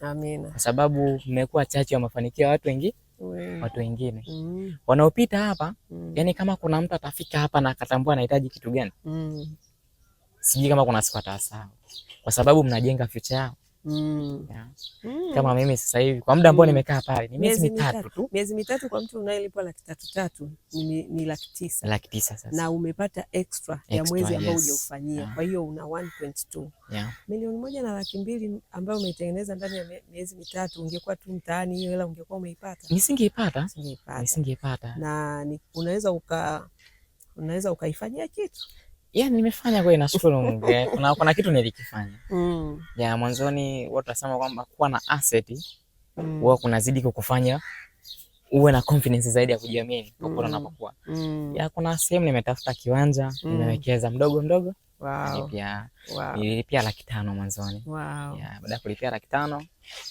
Amina. Kwa sababu mmekuwa chachu ya mafanikio ya watu wengi watu wengine mm. wanaopita hapa mm. Yani, kama kuna mtu atafika hapa na akatambua anahitaji kitu gani mm. Sijui kama kuna siku atasahau, kwa sababu mnajenga future yao. Mm. Mm. Kama mimi sasa hivi kwa muda ambao mm. nimekaa pale ni miezi mitatu tu. Miezi mitatu kwa mtu unayelipwa laki tatu tatu ni, ni laki tisa. Laki tisa sasa. Na umepata extra, extra ya mwezi ambao yes. hujaufanyia yeah. Kwa hiyo una 1.2 yeah. Milioni moja na laki mbili ambayo umeitengeneza ndani ya miezi mitatu, ungekuwa tu mtaani, hiyo hela ungekuwa umeipata? Nisingeipata, nisingeipata, nisingeipata. Na unaweza uka unaweza ukaifanyia kitu yeah, nimefanya kweli, nashukuru Mungu. Eh, kuna, kuna kitu nilikifanya mm. ya mwanzoni watu wasema kwamba kuwa na asset mm. huwa kunazidi kukufanya uwe na confidence zaidi ya kujiamini popote mm. unapokuwa. mm. ya kuna sehemu nimetafuta kiwanja mm. nimewekeza mdogo mdogo Yaani wow. Nilipia, wow. nilipia laki tano mwanzoni wow. yeah, baada ya kulipia laki tano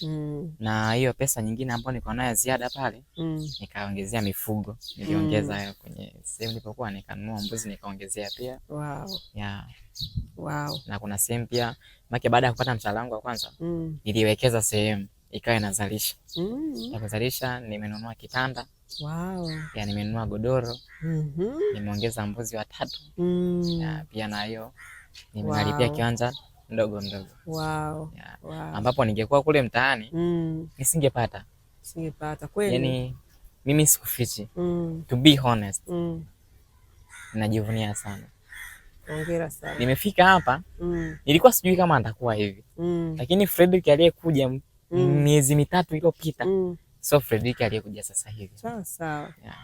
mm. na hiyo pesa nyingine ambayo nilikuwa nayo ziada pale mm. nikaongezea mifugo niliongeza mm. kwenye sehemu nilipokuwa nikanunua mbuzi nikaongezea pia wow. yeah. wow. na kuna sehemu pia make baada ya kupata mshahara wangu wa kwanza mm. niliwekeza sehemu ikawa inazalisha mm. ya kuzalisha nimenunua kitanda Wow. Pia nimenunua godoro mm -hmm. Nimeongeza mbuzi watatu mm. Ya, pia na hiyo wow. Kiwanja mdogo ndogo wow. wow. Ambapo ningekuwa kule mtaani mm. nisingepata singepata kweli. Yani mimi sikufichi mm. to be honest mm. Najivunia sana. Hongera sana. Nimefika hapa mm. nilikuwa sijui kama nitakuwa hivi mm. lakini Fredrick aliyekuja mm. miezi mm. mitatu iliyopita mm so Fredrick aliyekuja sasa hivi. Sawa sawa. Yeah.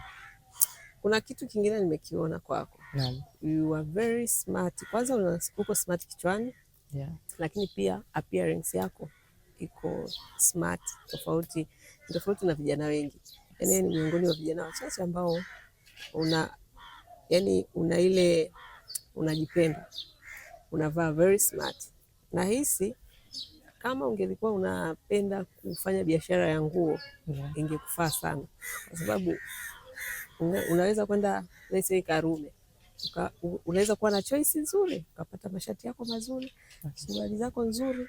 Kuna kitu kingine nimekiona kwako. Naam. You are very smart. Kwanza uko smart kichwani. Yeah. Lakini pia appearance yako iko smart, tofauti tofauti na vijana wengi. Yaani ni miongoni mwa vijana wachache ambao una yani una ile unajipenda, unavaa very smart. Nahisi kama ungelikuwa unapenda kufanya biashara ya nguo yeah, ingekufaa sana, kwa sababu una, unaweza kwenda let's say Karume uka, unaweza kuwa na choice nzuri ukapata mashati yako mazuri suruali zako nzuri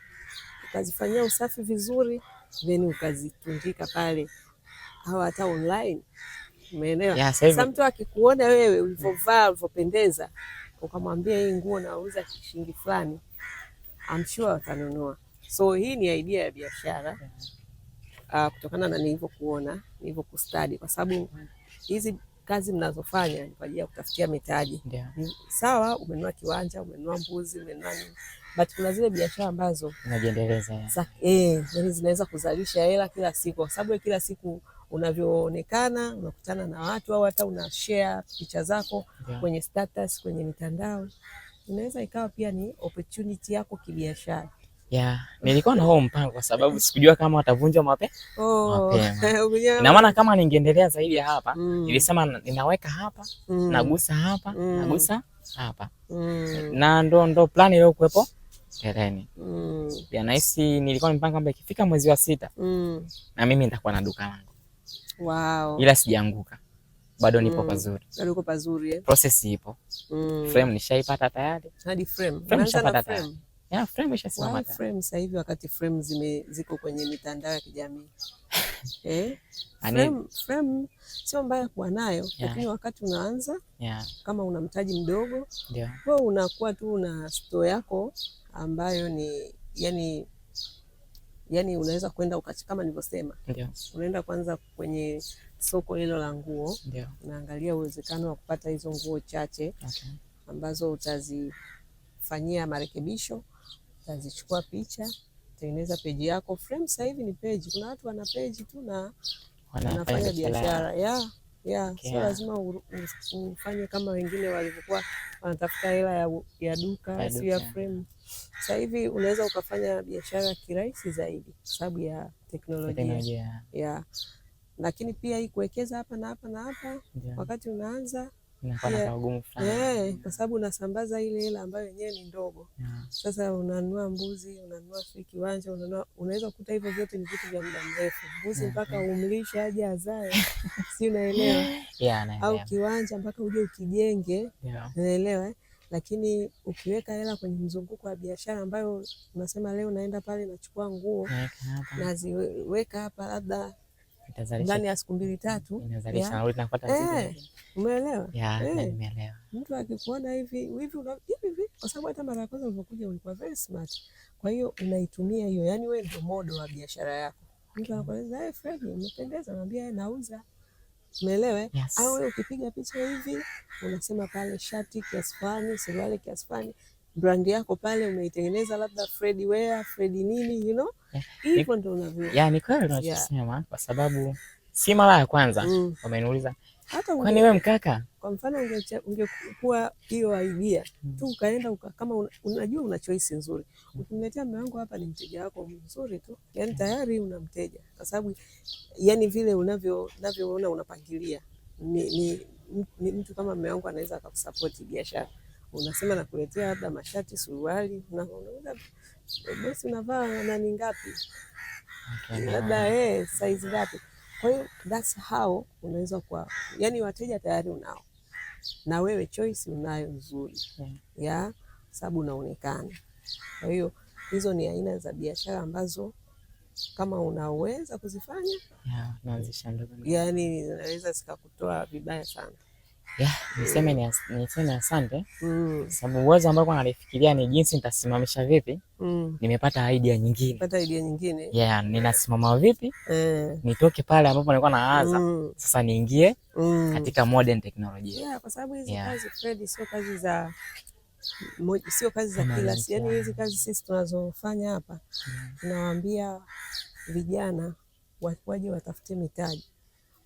ukazifanyia usafi vizuri, then ukazitundika pale au hata online. Umeelewa? Yeah, sasa mtu akikuona wewe ulivyovaa ulivyopendeza, ukamwambia hii nguo nauza shilingi fulani, I'm sure watanunua. So hii ni idea ya biashara uh, kutokana na nilivyokuona, nilivyokustadi, kwa sababu hizi kazi mnazofanya ni kwa ajili ya kutafutia mitaji yeah. Sawa, umenunua kiwanja, umenunua mbuzi, umenunua but kuna zile biashara ambazo unajiendeleza eh, zinaweza kuzalisha hela kila siku, kwa sababu kila siku unavyoonekana unakutana na watu au hata una share picha zako yeah. kwenye status, kwenye mitandao, inaweza ikawa pia ni opportunity yako kibiashara. Yeah, nilikuwa na huo mpango kwa sababu sikujua kama watavunjwa mape oh, mapema. Ina maana kama ningeendelea zaidi ya hapa mm. Nilisema ninaweka hapa mm. nagusa hapa mm. nagusa hapa mm. na ndo ndo plani ile iliyokuwepo tereni. mm. Pia Nahisi nilikuwa nimepanga kwamba ikifika mwezi wa sita mm. na mimi nitakuwa na duka langu wow. Ila sijaanguka bado nipo mm. pazuri, bado uko pazuri eh? Process ipo mm. Frame nishaipata tayari hadi frame, frame nishapata tayari Yeah, frame ishasimama frame sasa hivi, wakati frame zime ziko kwenye mitandao ya kijamii eh, frame, frame sio mbaya kuwa nayo yeah. Lakini wakati unaanza yeah. Kama una mtaji mdogo yeah. Wewe unakuwa tu na store yako ambayo ni yani yani unaweza kwenda kama nilivyosema yeah. Unaenda kwanza kwenye soko hilo la nguo yeah. Unaangalia uwezekano wa kupata hizo nguo chache okay. Ambazo utazifanyia marekebisho utazichukua picha, tengeneza peji yako. Frame sasa hivi ni peji, kuna watu wana peji tu na wanafanya biashara ya ya sio lazima ufanye kama wengine walivyokuwa wanatafuta hela ya, ya duka sio ya frame. Sasa hivi unaweza ukafanya biashara kirahisi zaidi kwa sababu ya teknolojia ya, lakini pia hii kuwekeza hapa na hapa na hapa yeah. wakati unaanza Eh, kwa sababu unasambaza ile hela ambayo yenyewe ni ndogo yeah. Sasa unanua mbuzi, unanua si kiwanja, unaweza kukuta hivyo vyote ni vitu vya muda mrefu, mbuzi mpaka umlishe aje azae, si unaelewa? yeah, au kiwanja mpaka uje ukijenge yeah. unaelewa eh? lakini ukiweka hela kwenye mzunguko wa biashara ambayo unasema leo naenda pale nachukua nguo naziweka hapa, labda ndani ya siku mbili tatu, eh, umeelewa? Eh. Mtu akikuona hivi hivi hivi, hivi, kwa sababu hata mara ya kwanza ulivyokuja ulikuwa very smart. Kwa hiyo unaitumia hiyo, yani wewe ndio modo wa biashara yako. Mtu mm. anakuuliza hey, eh, Fred umependeza, anambia nauza Umeelewe? Yes. Au ukipiga picha hivi unasema pale shati kiasi fulani, suruali kiasi fulani brand yako pale umeitengeneza labda Fred wear, Fred nini you know? Hivyo ndo unavyo. Yeah, ni kweli unachosema kwa sababu si mara ya kwanza mm. Wameniuliza hata kwani wewe mkaka, kwa mfano ungekuwa hiyo idea mm. tu ukaenda uka, kama un, unajua una choice nzuri mm. ukimletea mume wangu hapa, ni mteja wako mzuri tu, yani tayari una mteja, kwa sababu yani vile unavyo unavyoona unapangilia ni, ni, ni mtu kama mume wangu anaweza akakusapoti biashara unasema nakuletea labda mashati, suruali, bosi unavaa nani ngapi, labda eh size ngapi. Kwa hiyo that's how unaweza kwa, yani wateja tayari unao na wewe choice unayo nzuri hmm. ya sababu unaonekana. Kwa hiyo hizo ni aina za biashara ambazo kama unaweza kuzifanya yeah, yani zinaweza zikakutoa vibaya sana. Yeah, niseme niseme asante mm. Sababu uwezo ambao kwa nalifikiria ni jinsi nitasimamisha vipi mm. Nimepata idea nyingine, pata idea nyingine yeah, ninasimama vipi eh, nitoke pale ambapo nilikuwa naanza mm. Sasa niingie mm. katika modern technology yeah, kwa sababu hizi yeah. kazi Fred, sio kazi za sio kazi za kila siku, Yaani hizi kazi sisi tunazofanya hapa tunawaambia mm. vijana waje watafute mitaji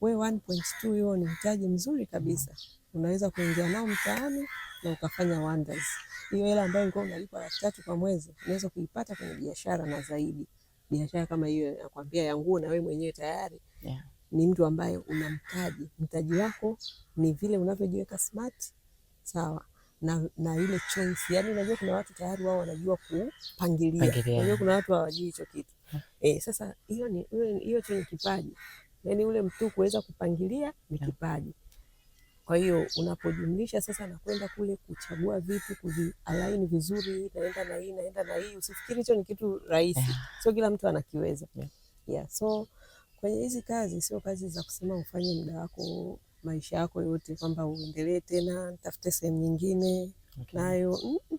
We 1.2 hiyo ni mtaji mzuri kabisa, unaweza kuingia nao mtaani na ukafanya wonders. Hiyo hela ambayo ulikuwa unalipa laki tatu kwa mwezi unaweza kuipata kwenye biashara na zaidi. Biashara kama hiyo nakwambia ya nguo, na wewe mwenyewe tayari yeah. Ni mtu ambaye una mtaji, mtaji wako ni vile unavyojiweka smart, sawa na, na ile choice. Yani unajua kuna watu tayari wao wanajua kupangilia, unajua kuna watu hawajui hicho kitu eh. Sasa hiyo ni hiyo chenye kipaji yani ule mtu kuweza kupangilia ni kipaji. Kwa hiyo unapojumlisha sasa na kwenda kule kuchagua vitu kuvi vizuri, naenda na hii naenda na hii, usifikiri hicho ni kitu rahisi, sio kila mtu anakiweza yeah. So kwenye hizi kazi sio kazi za kusema ufanye muda wako maisha yako yote kwamba uendelee tena, ntafute sehemu nyingine okay. nayo mm -mm.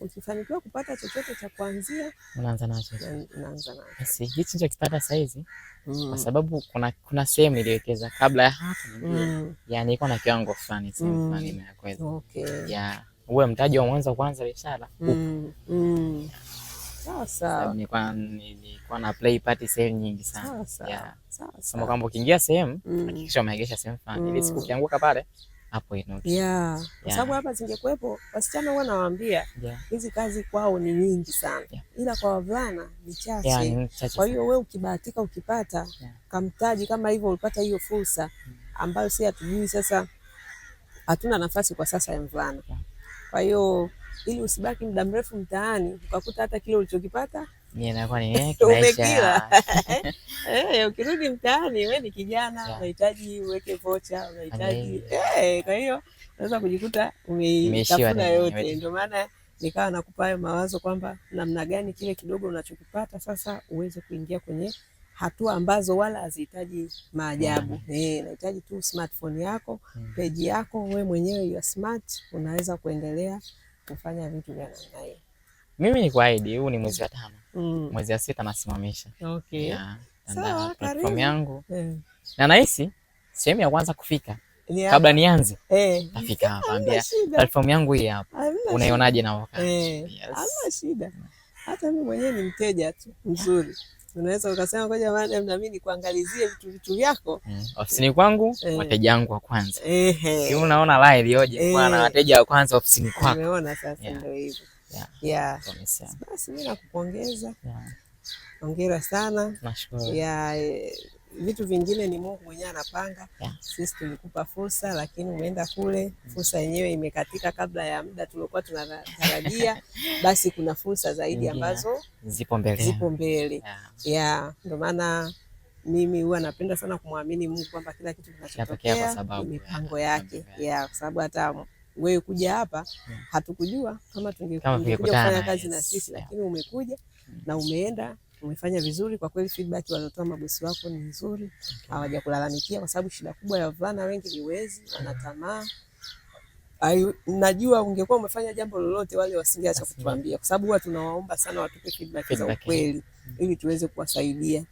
Ukifanikiwa kupata chochote cha kuanzia, unaanza nacho, unaanza nacho. Basi hichi ndio kipata saizi mm. kwa sababu kuna kuna sehemu iliwekeza kabla ya hapo mm. yani iko na kiwango fulani mm. fulani na kwaweza okay. ya uwe mtaji wa mwanzo kwanza biashara mm. Mm. sawa Nilikuwa na play party sehemu nyingi sana kwamba sawa. Kama ukiingia sehemu hakikisha umeegesha sehemu fulani ili siku ukianguka pale hapo Enoki. Yeah. Kwa sababu hapa zingekuwepo wasichana huwa nawaambia hizi yeah. kazi kwao ni nyingi sana yeah. ila kwa wavulana ni chache. Yeah, kwa hiyo wewe ukibahatika ukipata yeah. kamtaji kama hivyo ulipata hiyo fursa mm. ambayo si hatujui sasa hatuna nafasi kwa sasa ya mvulana. Kwa hiyo ili usibaki muda mrefu mtaani ukakuta hata kile ulichokipata inakuwa ni eh, umekiwa. Eh, eh, ukirudi mtaani, we ni kijana, unahitaji uweke vocha, unahitaji kwa hiyo unaweza kujikuta umeitafuna yote. Ndio maana nikawa nakupa hayo mawazo kwamba namna gani kile kidogo unachokipata sasa uweze kuingia kwenye hatua ambazo wala hazihitaji maajabu. mm -hmm. tu smartphone yako, mm peji yako we mwenyewe ya smart, unaweza kuendelea kufanya vitu vya namna hiyo. Mimi ni kwaidi, huu ni mwezi wa tano mm. mwezi wa sita nasimamisha okay. yeah, so, yangu yeah. na nahisi sehemu ya kwanza kufika yeah. kabla nianze hey. Eh. tafika hapa, ambia platform yangu hii hapa, unaionaje? na wakati hey. Eh. yes. Hamna shida, hata mimi mwenyewe ni mteja tu mzuri unaweza ukasema kwa jamani, na mimi nikuangalizie vitu vitu vyako mm. ofisini kwangu eh. wateja wangu wa kwanza eh, eh. unaona la ilioje eh. bwana, wateja wa kwanza ofisini kwako. Umeona sasa, ndio yeah. hivyo yeah. yeah. Basi mi nakupongeza yeah. Hongera sana. Nashukuru. Yeah, vitu vingine ni Mungu mwenyewe anapanga yeah. Sisi tulikupa fursa lakini umeenda kule, fursa yenyewe imekatika kabla ya muda tuliokuwa tunatarajia. Basi kuna fursa zaidi ambazo zipo mbele, zipo mbele yeah. Ndio maana mimi huwa napenda sana kumwamini Mungu kwamba kila kitu kinachotokea mipango yake ya kwa sababu hata wewe kuja hapa yeah. Hatukujua kama tungekuja kufanya kazi na sisi yeah. Lakini umekuja mm. na umeenda umefanya vizuri kwa kweli, feedback waliotoa mabosi wako ni nzuri, hawajakulalamikia okay. Kwa sababu shida kubwa ya vana wengi ni wezi, wana tamaa Ayu, najua ungekuwa umefanya jambo lolote wale wasingeacha kutuambia, kwa sababu huwa tunawaomba sana watupe feedback za ukweli mm. ili tuweze kuwasaidia.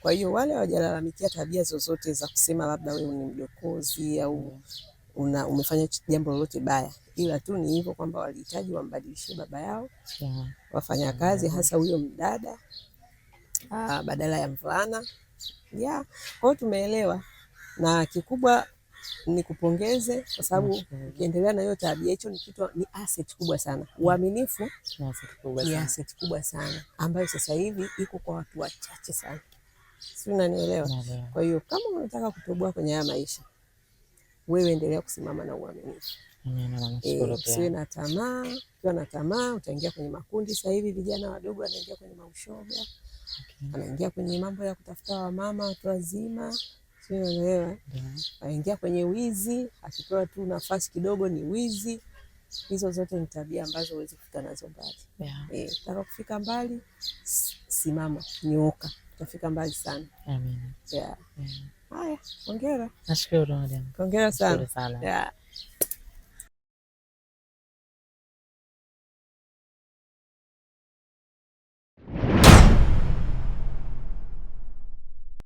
Kwa hiyo wale hawajalalamikia tabia zozote za kusema labda wewe ni mdokozi au mm una, umefanya jambo lolote baya, ila tu ni hivyo kwamba walihitaji wambadilishie baba yao yeah. wafanya kazi hasa huyo mdada ah, ah badala ya mvulana yeah. kwao tumeelewa, na kikubwa nikupongeze kwa sababu ukiendelea na hiyo tabia, hicho ni kitu, ni asset kubwa sana. Uaminifu ni asset kubwa sana ambayo sasa hivi iko kwa watu wachache sana, si unanielewa? Kwa hiyo kama unataka kutoboa kwenye haya maisha wewe endelea kusimama na uaminifu. Eh, usiwe na tamaa. Ukiwa na tamaa utaingia kwenye makundi. Sasa hivi vijana wadogo wanaingia kwenye maushoga, wanaingia okay. kwenye mambo ya kutafuta wamama watu wazima, sielewa, anaingia kwenye wizi, akipewa tu nafasi kidogo ni wizi. Hizo zote ni tabia ambazo huwezi kufika nazo mbali. Yeah. E, eh, Taka kufika mbali, simama, nyooka, utafika mbali sana. Amen. Yeah. Yeah. Haya, hongera. Nashukuru madam. Hongera sana. Hongera sana. Yeah.